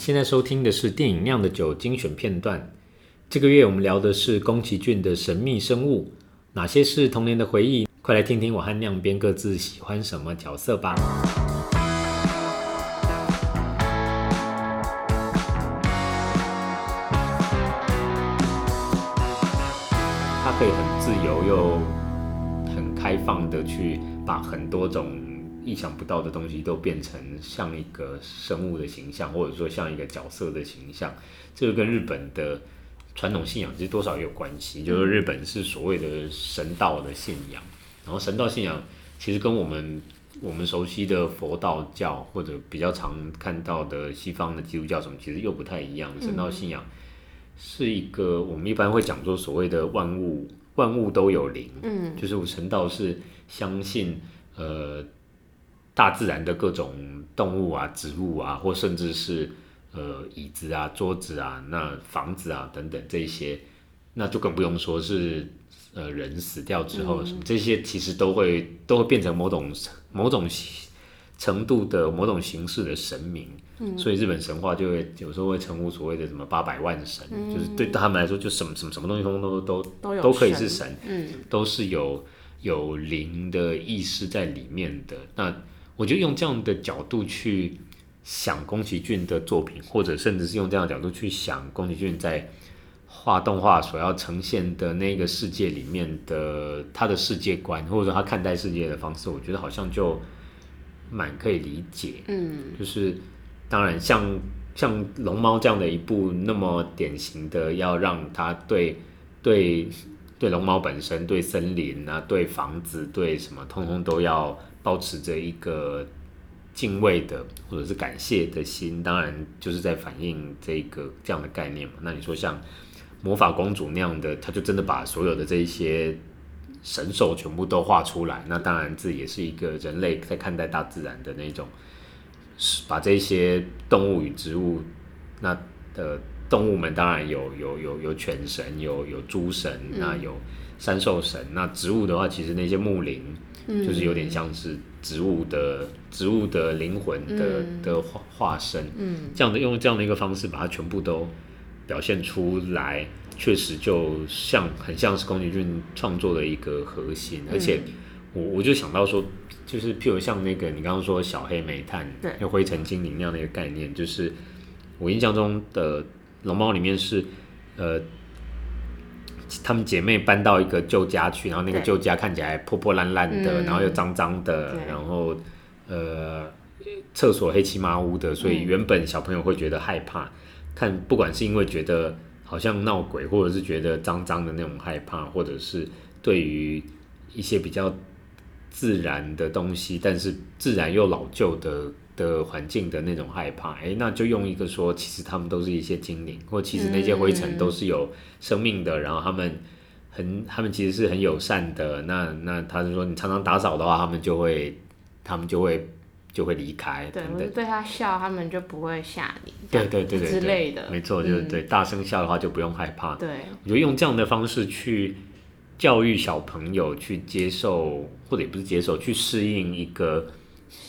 現在收聽的是電影《釀的酒》精選片段。這個月我們聊的是宮崎駿的神秘生物，哪些是童年的回憶？快來聽聽我和釀編各自喜歡什麼角色吧。它可以很自由又很開放地去把很多種。意想不到的東西都變成像一個生物的形象，或者說像一個角色的形象，這個跟日本的傳統信仰其實多少也有關係，嗯。就是日本是所謂的神道的信仰，然後神道信仰其實跟我們我們熟悉的佛道教或者比較常看到的西方的基督教什麼，其實又不太一樣。神道信仰是一個我們一般會講說所謂的萬物萬物都有靈，嗯，就是我神道是相信呃。大自然的各種動物啊、植物啊，或甚至是呃椅子啊、桌子啊、那房子啊等等這些，那就更不用說是呃人死掉之後、嗯、什麼這些，其實都會都會變成某種某種程度的某種形式的神明、嗯。所以日本神話就會有時候會成為所謂的什麼八百萬神，嗯、就是對他們來說就什麼什麼什麼東西通通都都都、都可以是神，嗯，都是有有靈的意識在裡面的那。我就用這樣的角度去想宮崎駿的作品，或者甚至是用這樣的角度去想宮崎駿在畫動畫所要呈現的那個世界裡面的他的世界觀，或者說他看待世界的方式，我覺得好像就蠻可以理解。嗯，就是當然像像龍貓這樣的一部那麼典型的，要讓他對對對龍貓本身、對森林啊、對房子、對什麼，通通都要。保持着一個敬畏的或者是感謝的心，當然就是在反映這個這樣的概念嘛。那你說像魔法公主那樣的，他就真的把所有的這一些神獸全部都畫出來。那當然這也是一個人類在看待大自然的那種，把這些動物與植物，那的動物們當然有有有有犬神，有有豬神、嗯，那有山獸神。那植物的話，其實那些木靈。就是有點像是植物的植物的靈魂的、嗯、的化化身，這樣的用這樣的一個方式把它全部都表現出來，確、嗯、實就像很像是宮崎駿創作的一個核心。嗯、而且我我就想到說，就是譬如像那個你剛剛說的小黑煤炭，對、嗯，灰塵精靈那樣的一個概念，就是我印象中的龍貓裡面是呃。她們姐妹搬到一個舊家去，然後那個舊家看起來破破爛爛的、嗯，然後又髒髒的，然後呃，廁所黑漆麻烏的，所以原本小朋友會覺得害怕。嗯、看，不管是因為覺得好像鬧鬼，或者是覺得髒髒的那種害怕，或者是對於一些比較自然的東西，但是自然又老舊的。的環境的那種害怕，哎、欸，那就用一個說，其實他們都是一些精靈，或其實那些灰塵都是有生命的、嗯，然後他們很，他們其實是很友善的。那那他就說，你常常打掃的話，他們就會，他們就會，他們就會就會離開。對，我對他笑，他們就不會嚇你。對對對，對，對，之類的，沒錯，就是對，對、嗯，大聲笑的話就不用害怕。對，我覺得用這樣的方式去教育小朋友去接受，或者也不是接受，去適應一個。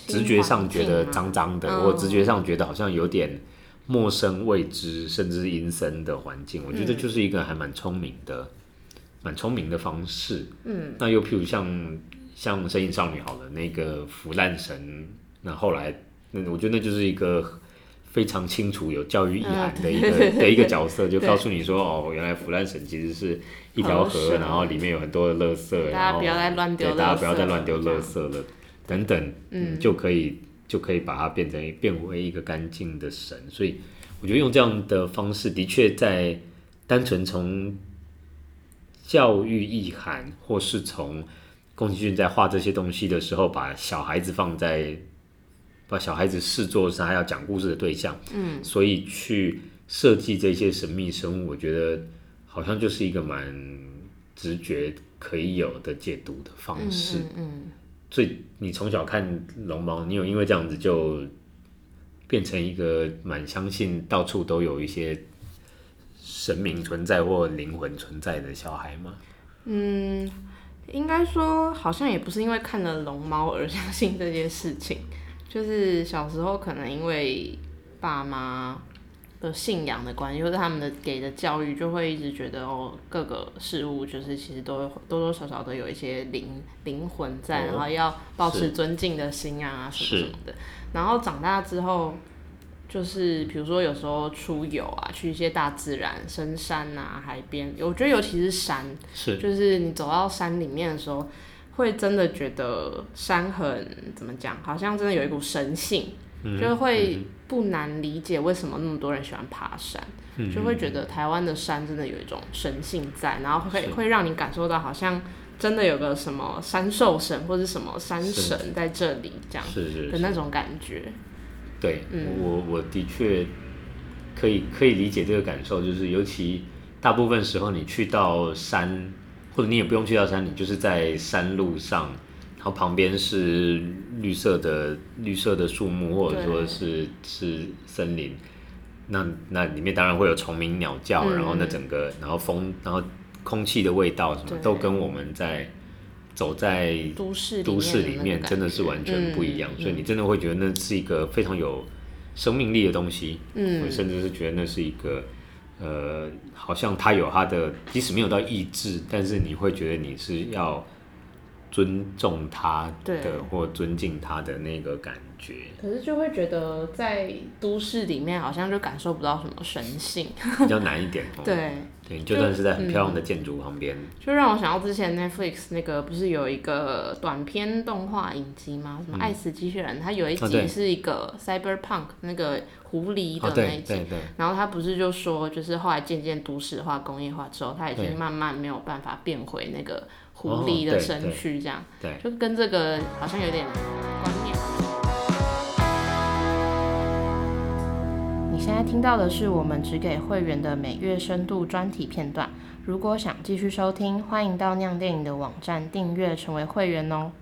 直覺上覺得髒髒的，或、oh. 直覺上覺得好像有點陌生、未知甚至陰森的環境，我覺得就是一個還蠻聰明的、蠻、嗯、聰明的方式。嗯，那又譬如像像《聲音少女》好了，那個腐爛神，那後來那我覺得那就是一個非常清楚有教育意涵的一個、啊、的一個角色， 就告訴你說哦，原來腐爛神其實是一條河、啊，然後裡面有很多的垃圾，大家不要再亂丟大家不要再亂丟垃圾了。等等，嗯，就可以就可以把它變成變為一個乾淨的神，所以我覺得用這樣的方式的確在單純從教育意涵，或是從宮崎駿在畫這些東西的時候，把小孩子放在把小孩子視作是他要講故事的對象，嗯，所以去設計這些神秘生物，我覺得好像就是一個蠻直覺可以有的解讀的方式，嗯。嗯嗯所以，你從小看龍貓，你有因為這樣子就變成一個蠻相信到處都有一些神明存在或靈魂存在的小孩嗎？嗯，應該說好像也不是因為看了龍貓而相信這些事情，就是小時候可能因為爸媽。信仰的關係，或者他們的給的教育，就會一直覺得哦，各個事物就是其實都多多少少都有一些靈靈魂在，哦，然後要保持尊敬的心啊什麼什麼的。然後長大之後，就是比如說有時候出遊啊，去一些大自然，深山啊，海邊，我覺得尤其是山，嗯，就是你走到山裡面的時候，會真的覺得山很怎麼講，好像真的有一股神性。就會不難理解為什麼那麼多人喜歡爬山，嗯、就會覺得台灣的山真的有一種神性在，嗯、然後會會讓你感受到好像真的有個什麼山獸神或者什麼山神在這裡這樣，是是的那種感覺。對，嗯、我我的確可以可以理解這個感受，就是尤其大部分時候你去到山，或者你也不用去到山，你就是在山路上。然後旁邊是綠色的綠色的樹木，或者說是是森林，那那裡面當然會有蟲鳴鳥叫，然後那整個然後風然後空氣的味道什麼，都跟我們在走在都市裡面真的是完全不一樣，所以你真的會覺得那是一個非常有生命力的東西，嗯，我甚至是覺得那是一個呃，好像它有它的，即使沒有到意志，但是你會覺得你是要，尊重他的或尊敬他的那個感覺，可是就會覺得在都市裡面好像就感受不到什麼神性，比較難一點。對對就，就算是在很漂亮的建築旁邊，嗯，就讓我想到之前 Netflix 那個不是有一個短片動畫影集嗎？什麼《愛死機器人》嗯，他有一集是一個 Cyberpunk 那個狐狸的那一集，哦、對對對對，然後他不是就說，就是後來漸漸都市化、工業化之後，他已經慢慢沒有辦法變回那個。狐狸的身軀，這樣、哦對對對，就跟這個好像有點關聯。你現在聽到的是我們只給會員的每月深度專題片段。如果想繼續收聽，歡迎到釀電影的網站訂閱成為會員哦、喔。